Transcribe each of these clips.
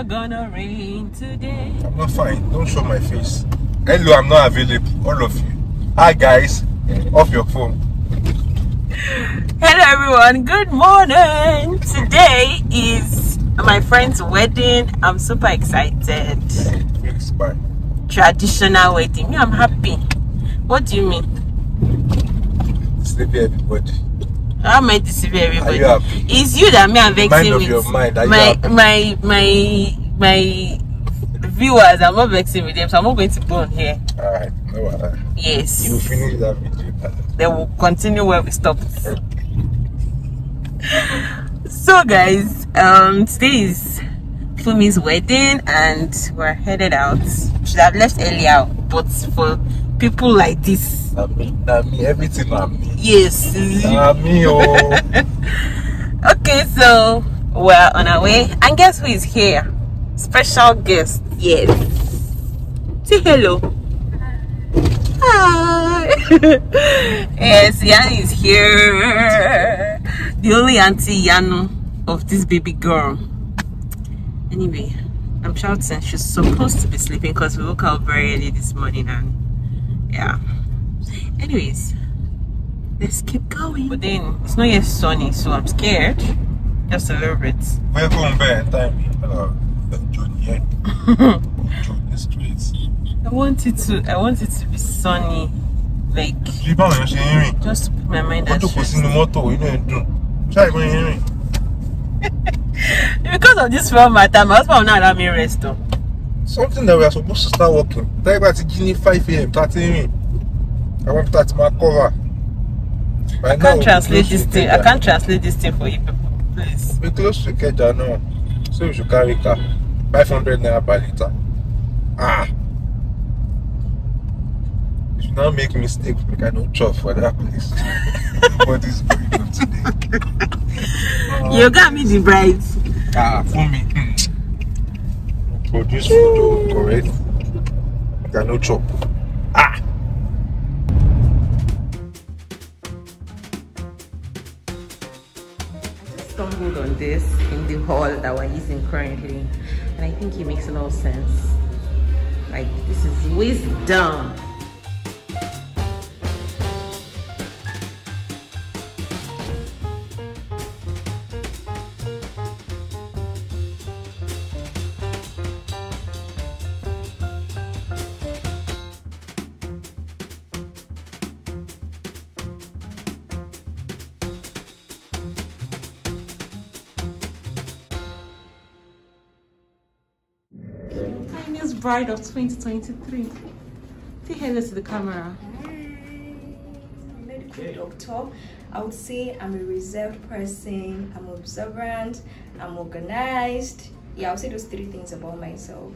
not gonna rain today. I'm not fine. Don't show my face. Hello, I'm not available. All of you. Hi, guys. Off your phone. Hello, everyone. Good morning. Today is my friend's wedding. I'm super excited. Feels bad. Traditional wedding. I'm happy. What do you mean? Sleepy everybody. I might deceive everybody. Are you it's you that me I'm vexing mind with. Mind. my, my my my viewers, I'm not vexing with them, so I'm not going to on here. Alright, no Yes. You finish that video. They will continue where we stopped. so guys, um today is Fumi's wedding and we're headed out. Should have left earlier, but for people like this. Na me, me, everything na me. Yes. Na me, oh. okay, so we're on our way. And guess who is here? Special guest, yes. Say hello. Hi. yes, Yan is here. The only auntie Yanu of this baby girl. Anyway, I'm shouting. She's supposed to be sleeping because we woke up very early this morning and yeah. Anyways, let's keep going. But then it's not yet sunny, so I'm scared. Just a little bit. Welcome back, time. Hello, Johnny. Johnny streets. I want it to. I want it to be sunny, like. Just put my mind at rest. the motor, Because of this film matter, my husband will not allow me rest though. something that we are supposed to start working tẹ́gbà ti jí ní five a.m. thirty rìn àwọn peter ti máa cover. By I can't translate this thing I can't translate this thing for you people please. we close to Ikeja now so we should carry car five hundred naira per liter. ah you should not make mistake because I no chop for that place what is going on today. Uh, you got me the bride. ah for me. produce food correct you cannot chop ah stumbled on this in the hall that we're using currently and I think it makes a lot of sense like this is wisdom bride of 2023. Say hello to the camera. i doctor. I would say I'm a reserved person, I'm observant, I'm organized. Yeah, I would say those three things about myself.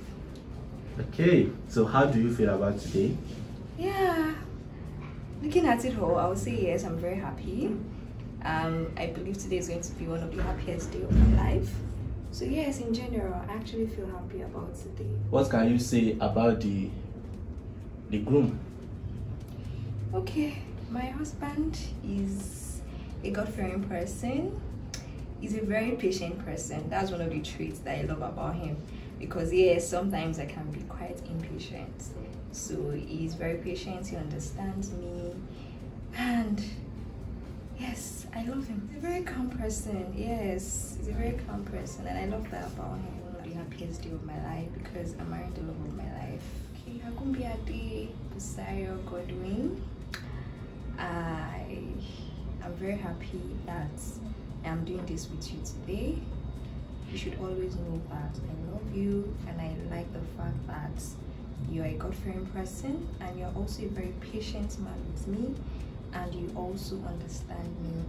Okay, so how do you feel about today? Yeah, looking at it all, I would say yes, I'm very happy. Um, I believe today is going to be one of the happiest days of my life. So yes, in general, I actually feel happy about today. What can you say about the the groom? Okay, my husband is a God-fearing person. He's a very patient person. That's one of the traits that I love about him. Because yes, sometimes I can be quite impatient. So he's very patient, he understands me. And Yes, I love him. He's a very calm person. Yes, he's a very calm person, and I love that about him. The happiest day of my life because I married the love of my life. Okay, Hakumbiade Busario Godwin. I am very happy that I am doing this with you today. You should always know that I love you and I like the fact that you are a God-fearing person and you're also a very patient man with me and you also understand me.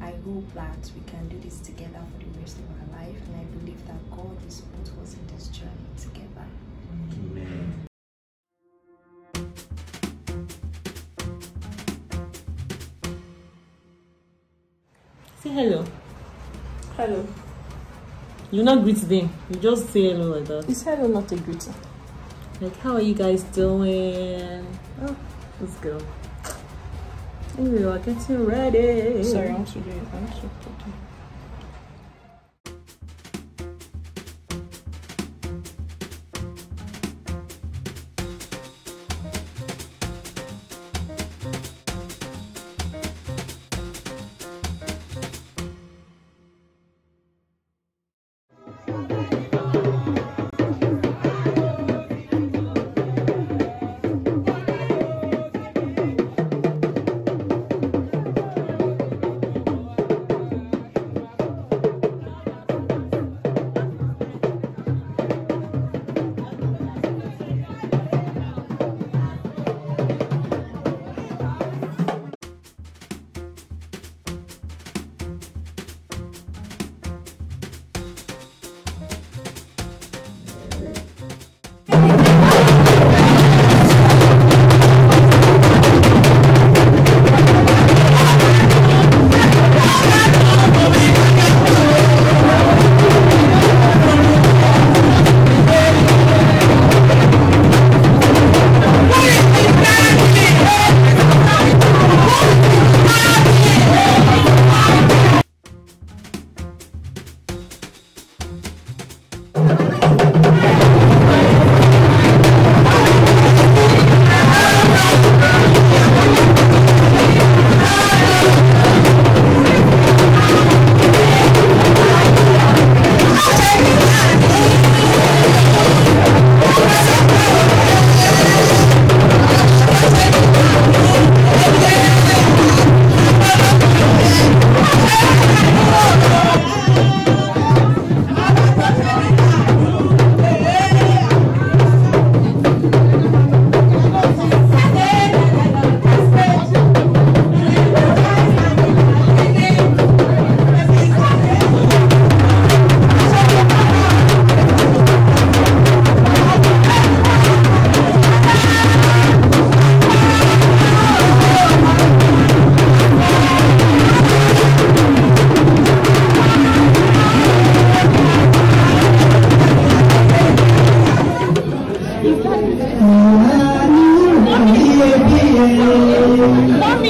I hope that we can do this together for the rest of our life, and I believe that God is with us in this journey together. Amen. Say hello. Hello. You not greet them. You just say hello like that. Is hello not a greeting? Like, how are you guys doing? Oh, let's go. Ooh, I can see ready. Sorry, I'm so i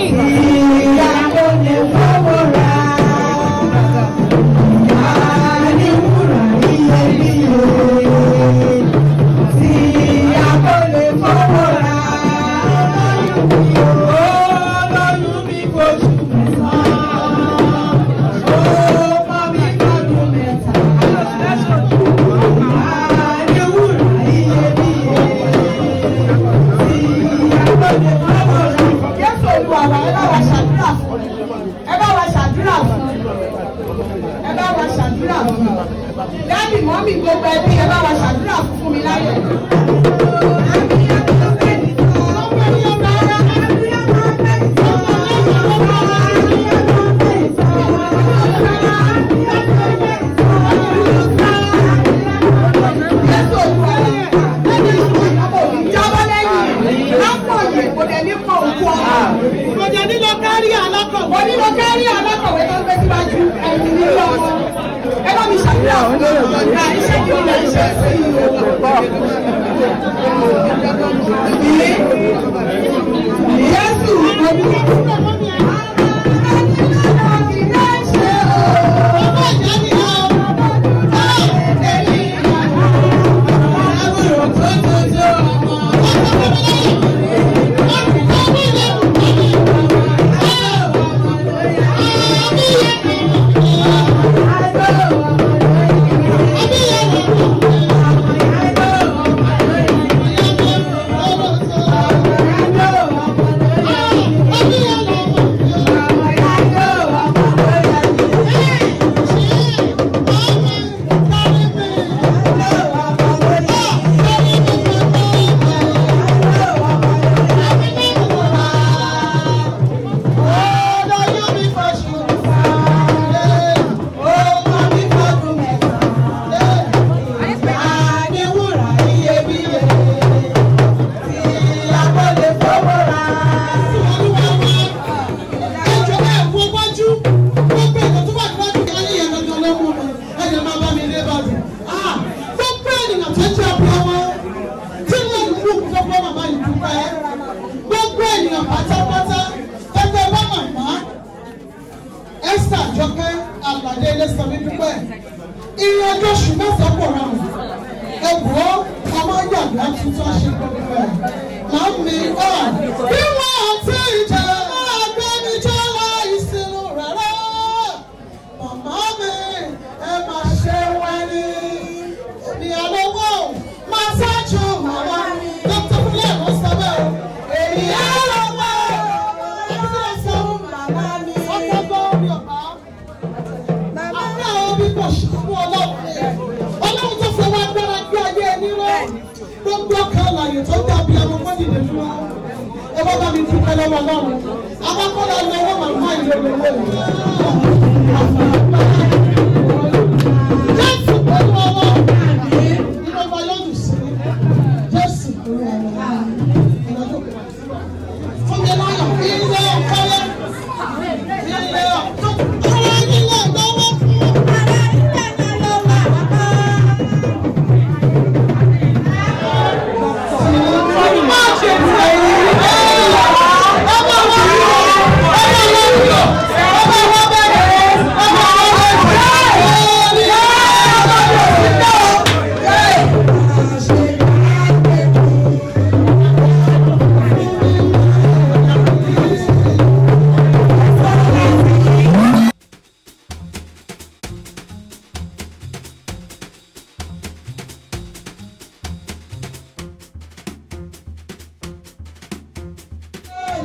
me. dábì mọ́mì gbogbo ẹbí ẹ bá wa ṣàdúrà fún mi láyọ̀. I bless you. dúpẹ́ lọ́wọ́ ọlọ́run àkọ́kọ́ lọ lọ́wọ́ màmá ìlú olówó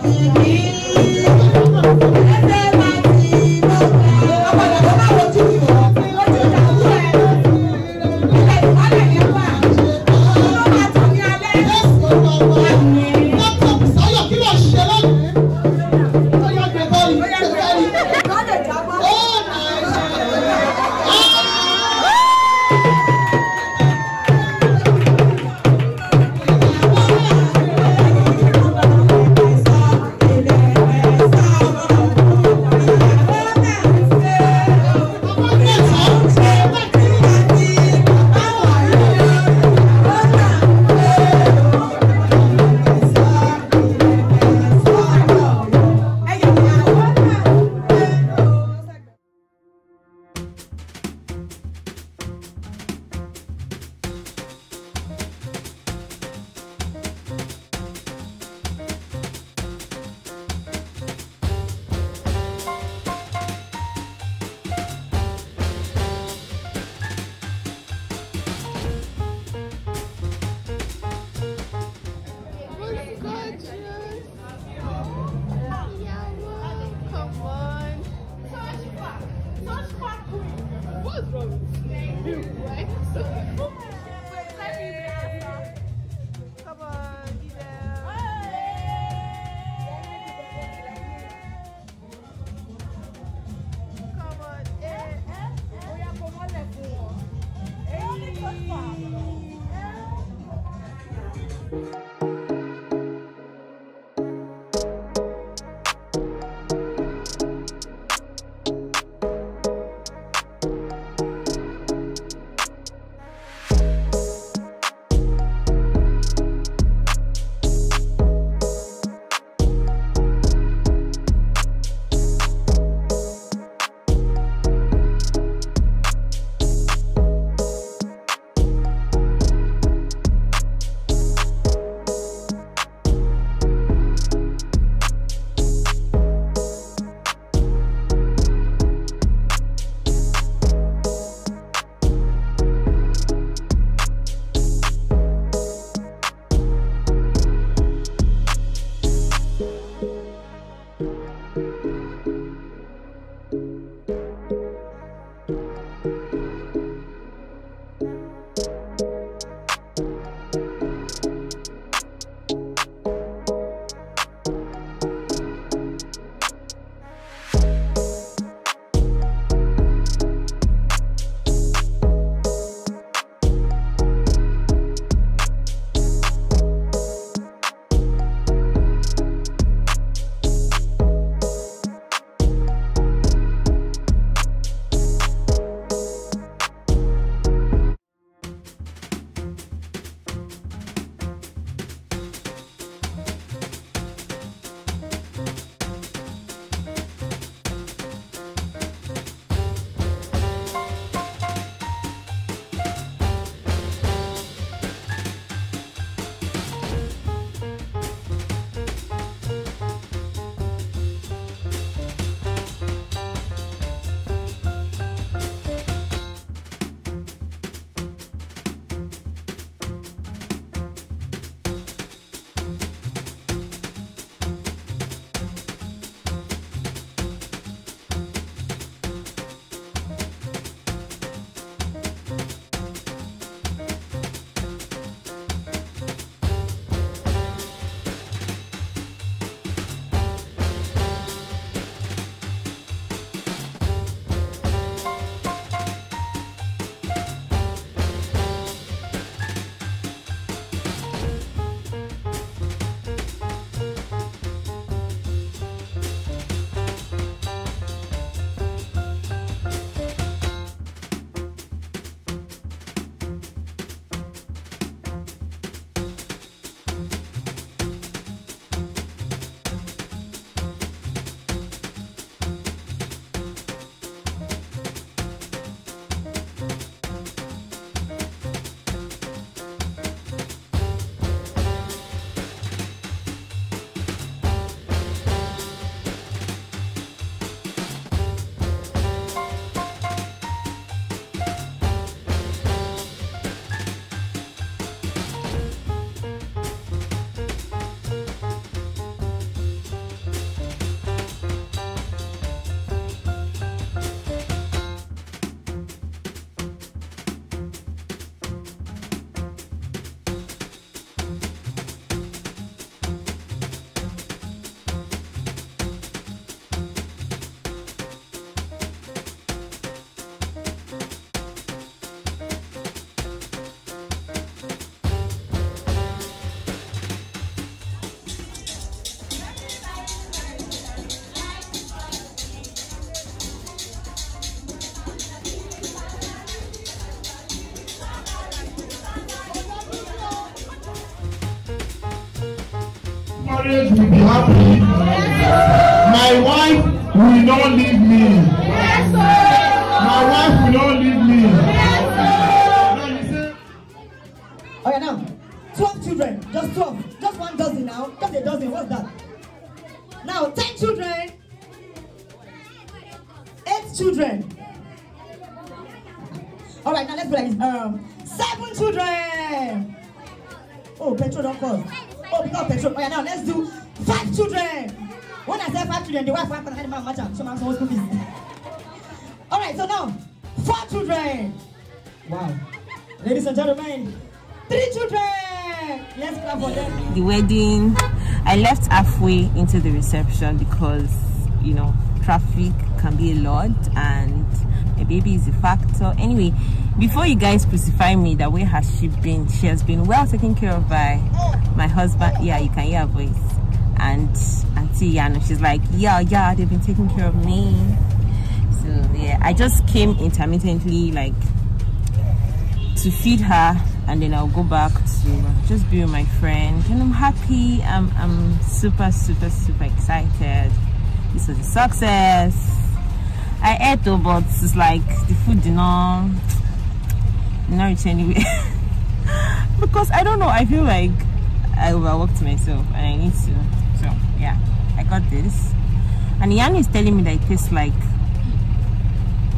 You. marriage will be happy. My wife will not leave me. My wife will not leave me. Okay, now, 12 children, just 12, just one dozen now, just a dozen, what's that? Now, 10 children, 8 children. All right, now let's go like this. Um, seven children. Oh, petrol don't cost. Oh, because petrol. Oh, yeah, now let's do five children. When I say five children, the wife wife can hand my match up. So my school fees. All right, so now four children. Wow, ladies and gentlemen, three children. Let's clap for them. The wedding. I left halfway into the reception because you know traffic can be a lot and a baby is a factor. Anyway, before you guys crucify me that way has she been she has been well taken care of by my husband yeah you can hear her voice and auntie Yana she's like yeah yeah they've been taking care of me so yeah I just came intermittently like to feed her and then I'll go back to just be with my friend and I'm happy I'm, I'm super super super excited this was a success I ate though but it's like the food did not now it's anyway because i don't know i feel like i overworked myself and i need to so yeah i got this and yang is telling me that it tastes like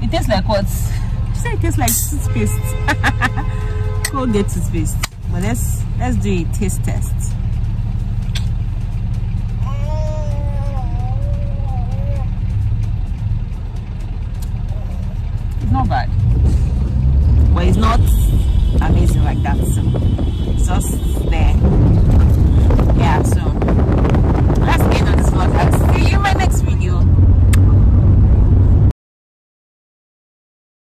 it tastes like what she said it tastes like toothpaste go get toothpaste but let's let's do a taste test it's not amazing like that. it's just there.